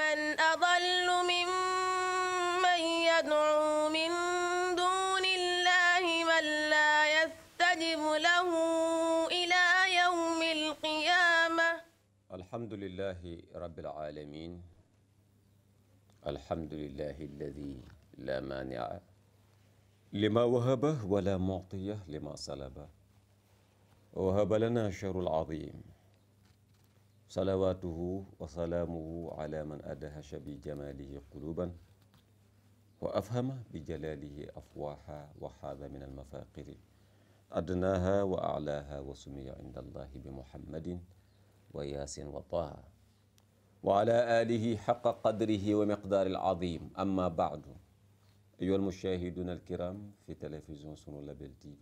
من أضل ممن يدعو من دون الله من لا يستجب له إلى يوم القيامة الحمد لله رب العالمين الحمد لله الذي لا مانع لما وهبه ولا معطيه لما سلبه وهب لنا شر العظيم salawaatuhu wa salaamuhu ala man adhasha bi jamaalihi quluuban wa afhama bi jalaalihi afwaaha wa xaada min almafaaqiri adnaaha wa alaaha wa sumiya inda allahi bi muhammadin wa yaasin wa taaha wa ala aalihi xaqa qadrihi wa miqdaari alcadiim amma baadu ayyuha almushaahiduuna alkiraam fi télévision Sunu Label TV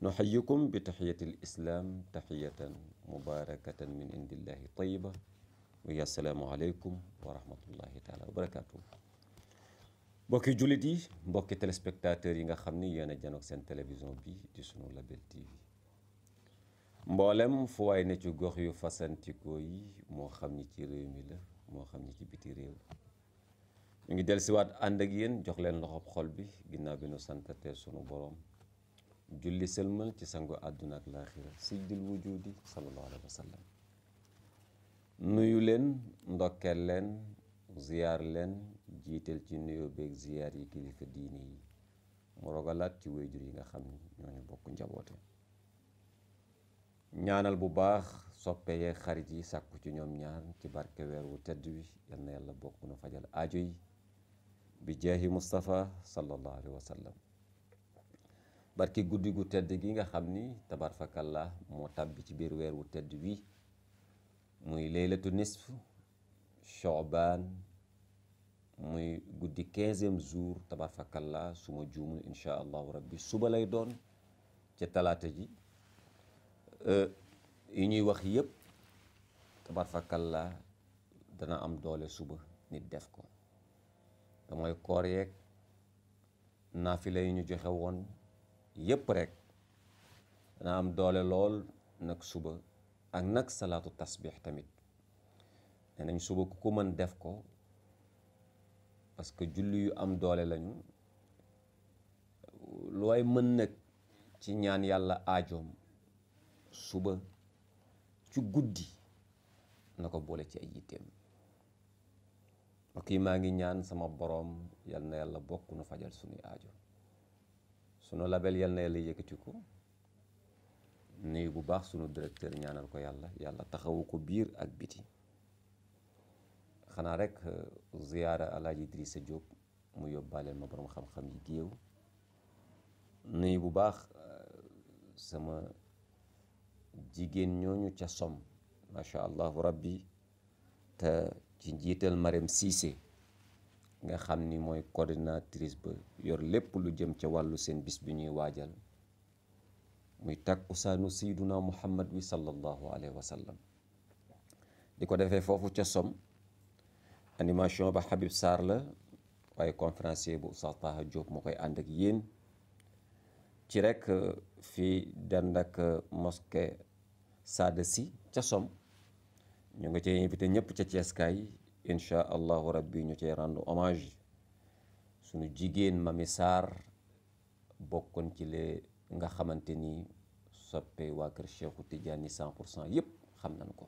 nuxayikum bi taxiyati l islaam taxiyatan mubarakatan min indillahi tayiba muy assalaamu aleykum wa rahmatullahi taala wa barakatuh mbokki jullit yi mbokki téléspectateurs yi nga xam ni yéen a janoog seen télévision bi di sunu Label TV mboolem fu waay ne ci gox yu fasantikoo yi moo xam ni ci réew mi la moo xam ni ci biti réew ñu ngi dellusiwaat ànd ak yéen jox leen loxob xol bi ginnaaw bi nu santatee sunu boroom julli sëlmal ci sangu àdduna ak laaxira sijdil wujudi sallallahu alayhi nuyu leen ndokkeel leen ziyaar leen jiital ci nuyoo beeg ziyaar yi kilifa diini yi mu rogalaat ci wéyjur yi nga xam ni ñoo ñu bokk njaboote ñaanal bu baax soppe yeeg xarit yi sàkku ci ñoom ñaar ci barke weer wu tedd wi yal na yàlla bokk na fajal aajo yi bi jaahi Mustafa sallallahu alayhi wa sallam barki guddi gu tedd gi nga xam ni tabar fakallah moo tàbbi ci biir weer wu tedd wi muy leylatu nisf shooban muy guddi quinzième jour tabar fakallah su ma juumul incha allahu rabbi suba lay doon ca talaata ji yu ñuy wax yépp tabar fakallah dana am doole suba nit def ko te mooy koor yeeg naafila yi ñu joxe woon yépp rekk dana am doole lool nag suba ak nag salaatu tasbix tamit ne nañ suba ku ko mën def ko parce que julli yu am doole lañu looy mën nag ci ñaan yàlla aajoom suba ci guddi na ko boole ci ay yitteem mbokk yi maa ngi ñaan sama boroom yal na yàlla bokk na fajal sunuy aajo sunu label yal na yàlla yëkkatiku nuyu bu baax sunu directeur ñaanal ko yàlla yàlla taxawu ko biir ak biti xanaa rek euh, ziyaara alaaji Idrissa Diop mu yóbbaaleel ma borom xam-xam yi géew nuyu bu baax euh, sama jigéen ñooñu ca som macha allahu rabbi te ci njiital Marème Cissé nga xam ni mooy coordinatrice ba yor lépp lu jëm ca wàllu seen bis bi ñuy waajal muy takkusaanu sayyiduna muhammad bi sallallahu alayhi wa sallam di ko defee foofu ca som animation ba Habib Sarr la waaye conférencier bu Oustaz Taha Diop moo koy ànd ak yéen ci rek euh, fii dend ak euh, saada si ca som ñu ngi ca invité ñëpp ca Ceeskaay incha allahu rabbi ñu cay rendre hommage suñu jigéen Mami Sarr bokkoon ci le nga xamante ni soppe waa kër Cheikhu Tidiane yi cent pour cent yëpp xam nañ ko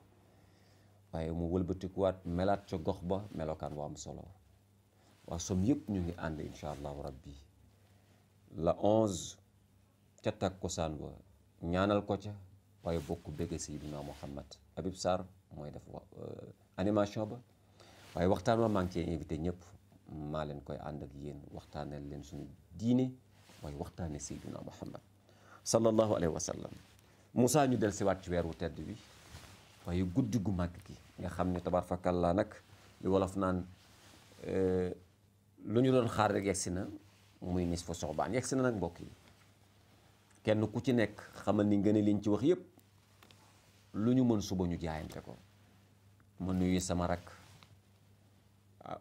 waaye mu wëlbatikuwaat melaat ca gox ba melokaan waa am solo waa som yëpp ñu ngi ànd incha allahu rabbi la onze ca takkusaan ba ñaanal ko ca waaye bokk bëgg Seydina Muhammad Habib Sarr mooy def euh, animation ba waaye waxtaan wa maa ngi cee invité ñëpp maa leen koy ànd ak yéen waxtaanal leen suñu diine waaye waxtaane Seydina Muhammad sallallahu alayhi wa sallam Moussa ñu del siwaat ci weer wu tedd bi waaye guddi gu mag gi nga xam ne tabaarkalla nag li wolof naan eh, lu ñu doon xaar rek yegsi na muy nis fa soxbaan yegsi na nag mbokk yi kenn ku ci nekk xamal ni ngeen liñ ci wax yépp lu ñu mën suba ñu jaayante ko ma nuyu sama rak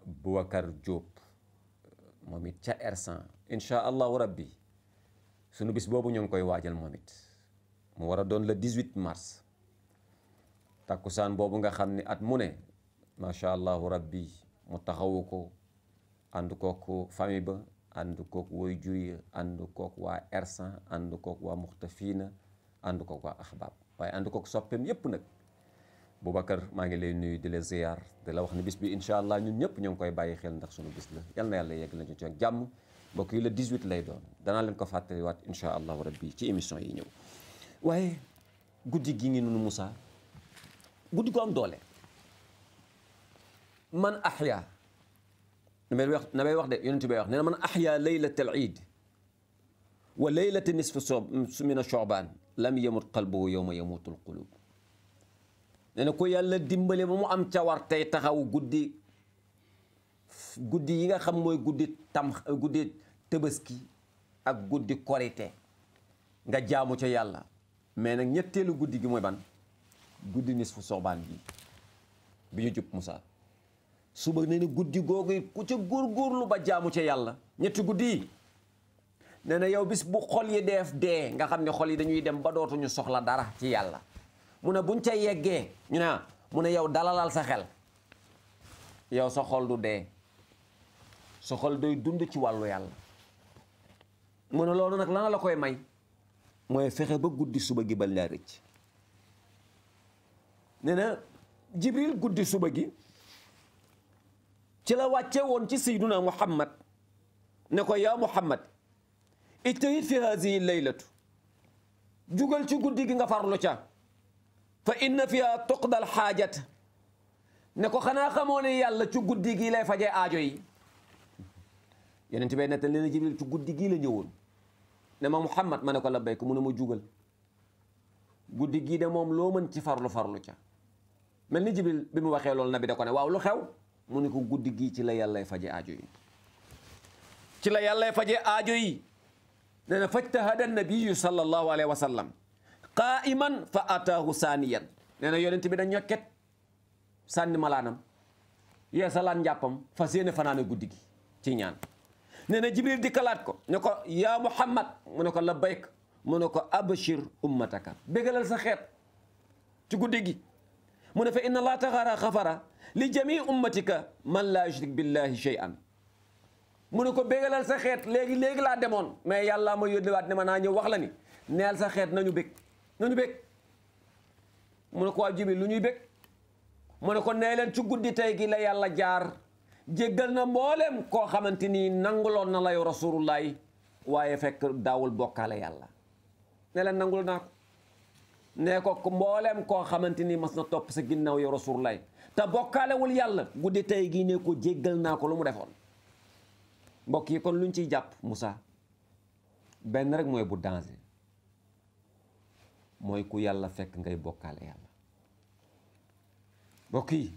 Boubacar Diop moom it ca R100 incha allahu rabbi sunu bis boobu ñoo ngi koy waajal moom it mu war a doon le 18 mars takkusaan boobu nga xam ne at mu ne macha allahu rabbi mu taxawu ko ànd kooku famille ba ànd kook woy jur ya ànd kooku waa R100 ànd kooku waa muxtafiina ànd kooku waa axbaab waaye ànd kooku soppeem yépp nag Boubacar maa ngi lay nuyu di la ziar di la wax ne bis bi incha allah ñun ñëpp ñoo ngi koy bàyyi xel ndax sunu bis la yal na yàlla yegg lañu ci jàmm mbokk yi le 18 lay doon danaa leen ko fàttaliwaat incha allahu rabbi ci émission yi ñëw waaye guddi gi ngi nunu Moussa guddi ko am doole man ahya na may wax na may wax de yonent bay wax nee na man ahya laylat al iid wa laylat nisfu min shooban lam yamut qalbuhu yowma yamutu al qulub nee na ko yàlla dimbali ba mu am cawar tey taxaw guddi guddi yi nga xam mooy guddi tam guddi tëbëski ak guddi korite nga jaamu ca yàlla mais nag ñetteelu guddi gi mooy ban guddi nisfu soobaan bi bi ñu jub Moussa suba nee na guddi googu ku ca góorgóorlu ba jaamu ca yàlla ñetti guddi yi nee na yow bis bu xol yi def dee nga xam ne xol yi dañuy dem ba dootuñu soxla dara ci yàlla mu ne buñ ca yeggee ñu ne mu ne yow dalalal sa xel yow sa xol du dee sa xol doy dund ci wàllu yàlla mu ne loolu nag lana la koy may mooy fexe ba guddi suba gi bañ laa rëcc nee na jibril guddi suba gi ci la wàcce woon ci sayduna muhammad ne ko yaa muhammad ijtahid fi hazihi laylatu jugal ci guddi gi nga farlu ca fa inna fiha tuqdal xaajat ne ko xanaa xamoo ne yàlla ci guddi gii lay faje aajo yi yonent bay nettal ne na jibril ci guddi gii la ñëwoon ne ma muhammad ma ne ko labbayk mu ne ma jugal guddi gii de moom loo mën ci farlu farlu ca mel ni jibril bi mu waxee loolu nabi da ko ne waaw lu xew mu ne ko guddi gii ci la yàllay faje aajo yi ci la yàllay faje aajo yi ne na fajtahada nabiyu sallallahu alayhi wa sallam qaa'iman fa ataahu saaniyan nee na yonent bi dañ ñokket sànni malaanam yee salaan njàppam fa séene fanaane guddi gi ci ñaan nee na jibril di kalaat ko ne ko yaa muhammad mu ne ko labbayk mu ne ko abashir ummataka bégalal sa xeet ci guddi gi mu ne fa inna allah taxaara xafara li jamii ummatika man laa yushrik billahi shay'an mu ne ko bégalal sa xeet léegi léegi laa demoon mais yàlla ma yónni waat ne ma naa ñëw wax la ni sa xeet nañu bekk nañu bég mu ne ko waa jibi lu ñuy bég mu ne ko nee leen ci guddi tey gii la yàlla jaar jéggal na mboolem koo xamante ni nanguloon na la yow rasulullahi waaye fekk daawul bokkaale yàlla ne leen nangul naa ko nee ko mbooleem koo xamante ni mas na topp sa ginnaaw yow rasulullahi te bokkaalewul yàlla guddi tey gii ne ko jéggal naa ko lu mu defoon mbokk yi kon luñ ciy jàpp Moussa benn rek mooy bu danger mooy ku yàlla fekk ngay bokkaale yàlla mbokk yi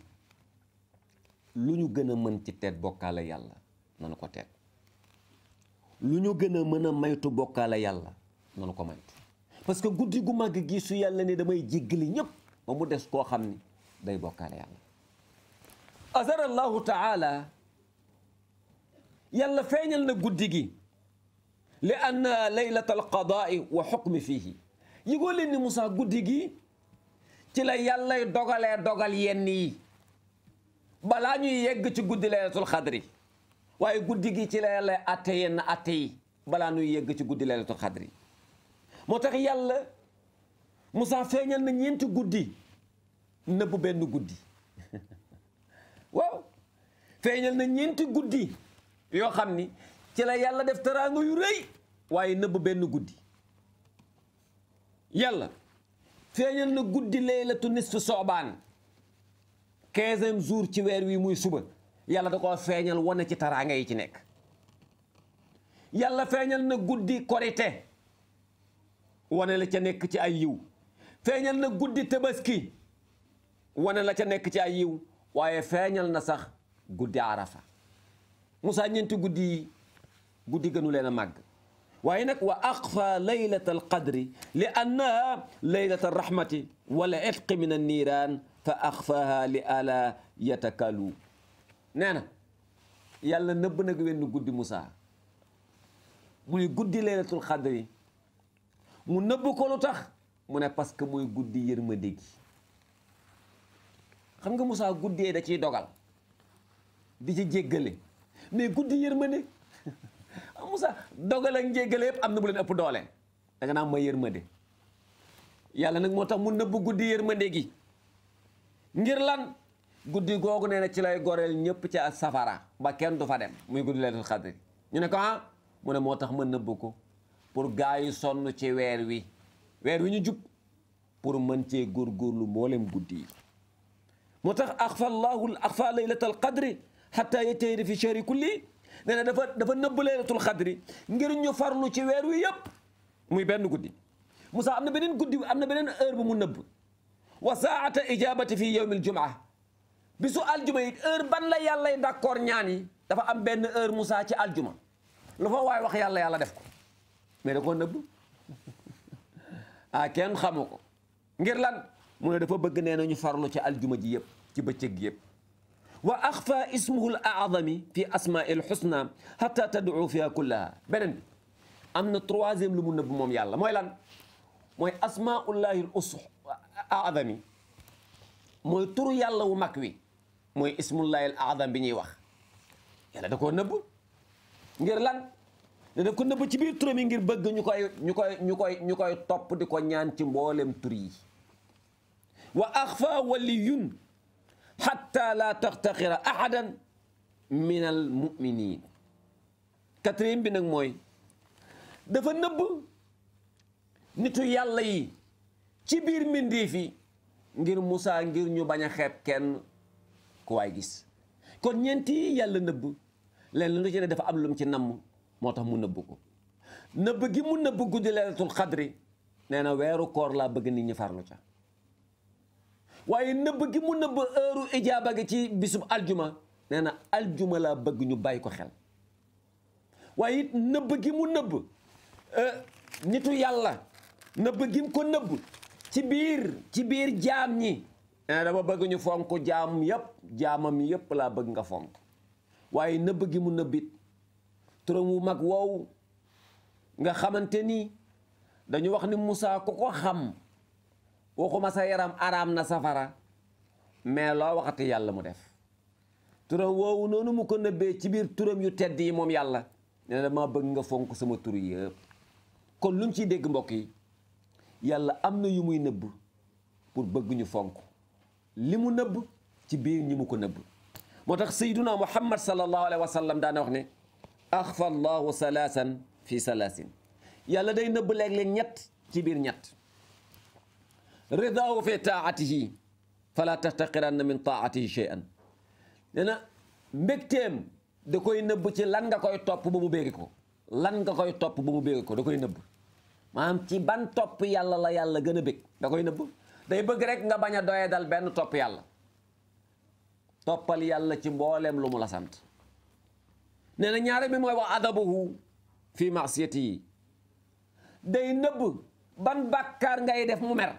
lu ñu gën a mën ci teet bokkaale yàlla nanu ko teet lu ñu gën a mën a maytu bokkaale yàlla nanu ko maytu parce que guddi gu màgg gisu yàlla ni damay jéggali ñépp ba mu des koo xam ni day bokkaale yàlla azara allahu taala yàlla feeñal na guddi gi li anna laylata alqadaai wa xukmi fiihi yëgoo leen ni Moussa guddi gi ci la yàllay dogalee dogal yenn yi balaa ñuy yegg ci guddi laylatul xadri waaye guddi gi ci la yàllay atte yenn atte yi balaa ñuy yegg ci guddi laylatul xadri moo tax yàlla musaa feeñal na ñeenti guddi nëbb benn guddi waaw feeñal na ñeenti guddi yoo xam ni ci la yàlla def teraanga yu rëy waaye nëbb benn guddi yàlla feeñal na guddi laylatu nisfu soobaan quinzième jour ci weer wi muy suba yàlla da koo feeñal wane ci taraanga yi ci nekk yàlla feeñal na guddi korite wane la ca nekk ci ay yiw feeñal na guddi tabaski wane la ca nekk ci ay yiw waaye feeñal na sax guddi arafa Moussa ñeenti guddi guddi gënu leen a màgg waaye nag wa aqfa laylata alqadri li annaha laylata alrahmati wala itqi min anniiraan fa axfaha li ala yatakalu nee na yàlla nëbb nag wenn guddi Moussa muy guddi laylatul xadri mu nëbb ko lu tax mu ne parce que muy guddi yërmande gi xam nga Moussa guddee da ciy dogal di ci jéggale mais guddi yërmande ah Moussa dogal ak njéggale yëpp am na bu leen ëpp doole danga naa ma yërmande yàlla nag moo tax mu nëbb guddi yërmande gi ngir lan guddi googu nee na ci lay goreel ñëpp ca safara ba kenn du fa dem muy guddi laylatul xadri ñu ne ko ah mu ne moo tax ma nëbb ko pour gaa yi sonn ci weer wi weer wi ñu jub pour mën cee góorgóorlu mboolem guddi yi moo tax axfa allahu axfa laylatal qadri xatta yatayri fi chahri kulli nee na dafa dafa nëbb laylatul xadri ngir ñu farlu ci weer wi yëpp muy benn guddi Moussa am na beneen guddi am na beneen heure bu mu nëbb wa saata ijabati fi yawmil jumaa bisu aljuma yi heure ban la yàllay d'accord ñaan yi dafa am benn heure Moussa ci aljuma lu fa waay wax yàlla yàlla def ko mais da koo nëbb ah kenn xamu ko ngir lan mu ne dafa bëgg nee na ñu farlu ci aljuma ji yëpp ci bëccëg gi yëpp wa axfa ismuhu al aadami fi asmail xusna xata tad'u am na troisième lu mu moom yàlla mooy lan mooy asmaullahi al turu yàlla wu mag wi mooy ismullahi al bi ñuy wax yàlla da koo nëbb ngir lan dana ci biir turam yi ngir bëgg ñu koy ñu koy ñu koy ñu koy topp di ko ñaan ci mboolem tur yi wa axfa waliyun hatta la taxtaqira ahadan min al muminin quatrième bi nag mooy dafa nëbb nitu yàlla yi ci biir mbindeef yi ngir Moussa ngir ñu bañ a xeeb kenn ku waay gis kon ñeenti yàlla nëbb leen lu ci ne dafa am lu ci namm moo tax mu nëbb ko nëbb gi mu nëbb guddi leelatul xadri nee na weeru koor laa bëgg nit ñi farlu ca waaye nëbb gi mu nëbb heure ijaaba gi ci bisub aljuma nee na aljuma laa bëgg ñu bàyyi ko xel waaye it nëbb gi mu nëbb eh, nitu yàlla nëbb gi mu ko nëbb ci biir ci biir jaam ñi nee dama bëgg fonk jaam yëpp jaamam yëpp laa bëgg nga fonk waaye nëbb gi mu nëbbit turam wu mag woow nga xamante ni dañu wax ni Moussa ko ko xam waxuma sa yaram araam na safara mais loo waxati yàlla mu def turam woowu noonu mu ko nëbbee ci biir turam yu tedd yi moom yàlla ne dama bëgg nga fonk sama tur yëpp kon ci dégg mbokk yi yàlla am na yu muy nëbb pour bëgg ñu fonk li mu nëbb ci biir ñi mu ko nëbb moo tax sayduna muhammad sallallahu alayhi wa sallam daana wax ne axfa allahu salaasan fi salaasin yàlla day nëbb léeg-léeg ñett ci biir ñett ridaahu fi taatihi fala taxtaqiranna min taatihi shay'an nee na mbégteem da koy nëbb ci lan nga koy topp ba mu béegi ko lan nga koy topp ba mu béegi ko da koy nëbb maanaam ci ban topp yàlla la yàlla gën a bég da koy nëbb day bëgg rek nga bañ a doye dal benn topp yàlla toppal yàlla ci mbooleem lu mu la sant nee na ñaare bi mooy wax adabuhu fi masiyati yi day nëbb ban bàkkaar ngay def mu mer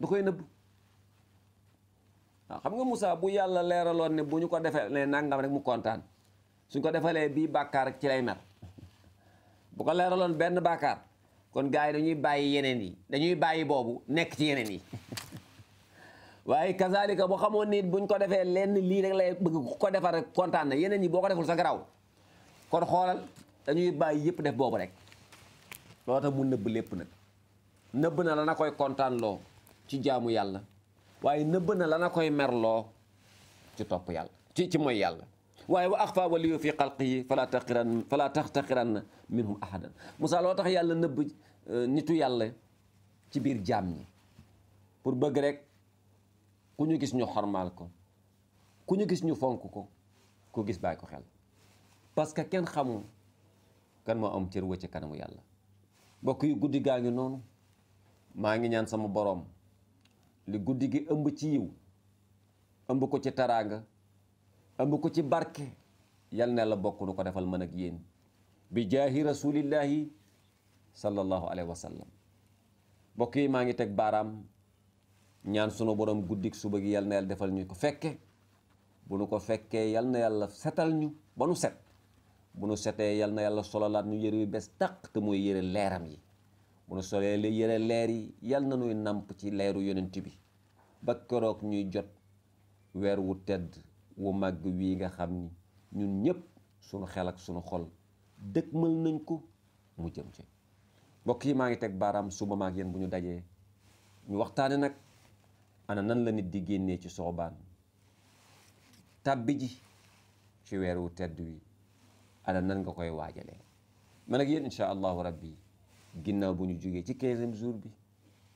da koy nëbb waaw xam nga musa bu yàlla leeraloon ne bu ñu ko defee ne nangam rek mu kontaan suñ ko defalee bii bàkkaar rek ci lay mer bu ko leeraloon benn bàkkaar kon gaa yi dañuy bàyyi yeneen yi dañuy bàyyi boobu nekk ci yeneen yi waaye kazalika boo xamoon nit buñ ko defee lenn lii rek lay bëgg ko defar rek yeneen yi boo ko deful sa garaw kon xoolal dañuy bàyyi yëpp def boobu rek loo tax mu nëbb lépp nag nëbb na la na koy kontaan loo ci jaamu yàlla waaye nëbb na la na koy merloo ci topp yàlla ci ci mooy yàlla waaye wa axfa waliyu fi xalqihi falaa taqiran falaa taxtaqiranna minhum ahadan Moussa loo tax yàlla nëbb e, nitu yàlla ci biir jaam ñi pour bëgg rek ku ñu gis ñu xormaal ko ku ñu gis ñu fonk ko ku gis bàyyi ko xel parce que kenn xamu kan moo am cër wëcc kanamu yàlla mbokk yu guddi gaa ngi noonu maa ngi ñaan sama boroom li guddi gi ëmb ci yiw ëmb ko ci taraanga ëmb ko ci barke yal na la bokk nu ko defal mën ak yéen bi jaahi rasulillahi sallallahu alayhi wa sallam mbokk yi maa ngi teg baaraam ñaan sunu borom guddik suba gi yal na yàlla defal ñu ko fekke bu nu ko fekkee yal na yàlla setal ñu ba nu set bu nu setee yal na yàlla sololaat ñu yëre yu bees tàq te mooy yëre leeram yi bu nu solee la yëre leer yi yal na nuy nàmp ci leeru yonent bi ba keroog ñuy jot weer wu tedd wu màgg wii nga xam ni ñun ñépp sunu xel ak sunu xol dëkk mën nañ ko mu jëm ci mbokk yi maa ngi teg baaraam suba maag yéen bu ñu dajee ñu waxtaane nag ana nan la nit di génnee ci soobaan tàbbi ji ci weer wu tedd wi ana nan nga koy waajalee man ak yéen incha allahu rabbi ginnaaw bu ñu jógee ci quinzième jour bi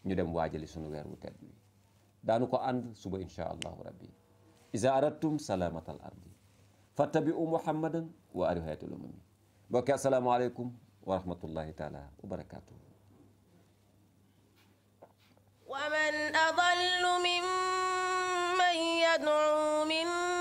ñu dem waajali sunu weer wu tedd bi daanu ko ànd suba insha allahu rabbi iza aradtum salamata al ardi fattabi'u muhammadan wa ali hayatul umami mbokki assalaamu aleykum wa rahmatullahi taala wa barakatuhu wa man adallu mimman yad'u min